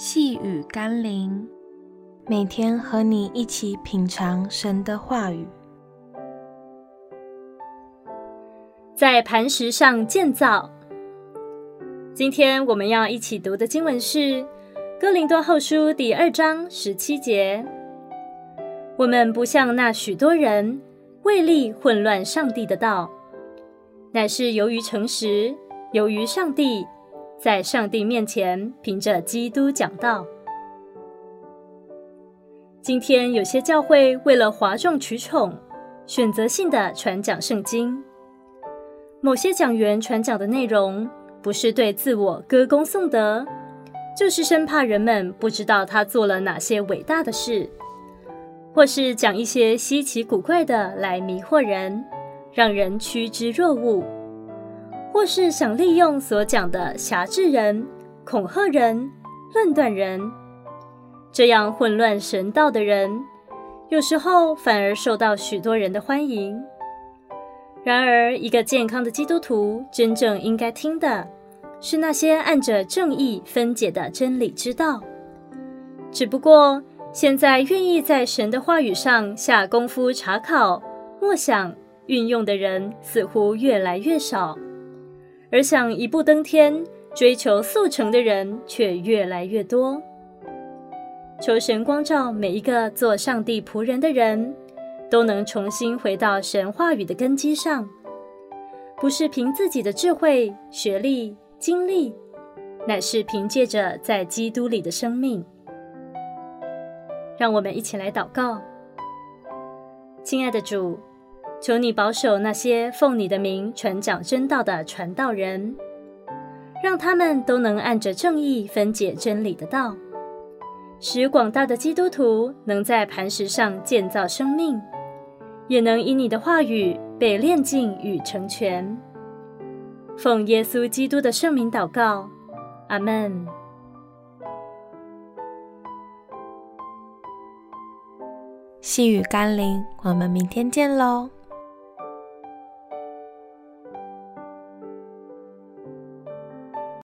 細語甘霖，每天和你一起品嘗神的話語，在磐石上建造。今天我們要一起讀的經文是《哥林多後書》第二章十七節：“我們不像那許多人，為利混亂上帝的道，乃是由於誠實，由於上帝。”在上帝面前，憑着基督講道。今天有些教會為了譁眾取寵，選擇性的傳講聖經；某些講員傳講的內容，不是對自我歌功頌德，就是生怕人們不知道他做了哪些偉大的事，或是講一些稀奇古怪的來迷惑人，讓人趨之若鶩。或是想利用所講的轄制人、恐嚇人、論斷人，這樣混亂神道的人，有時候反而受到許多人的歡迎。然而，一個健康的基督徒真正應該聽的是那些按着正意分解的真理之道。只不過，現在願意在神的話語上下功夫查考、默想、運用的人，似乎越來越少。而想一步登天、追求速成的人卻越來越多。求神光照每一個做上帝僕人的人，都能重新回到神話語的根基上，不是憑自己的智慧、學歷、經歷，乃是憑借着在基督裡的生命。讓我們一起來禱告，親愛的主。求你保守那些奉你的名傳講真道的傳道人，讓他們都能按着正意分解真理的道，使廣大的基督徒能在磐石上建造生命，也能因你的話語被煉淨與成全。奉耶穌基督的聖名禱告，阿門。細語甘霖，我們明天見嘍。